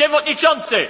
Przewodniczący!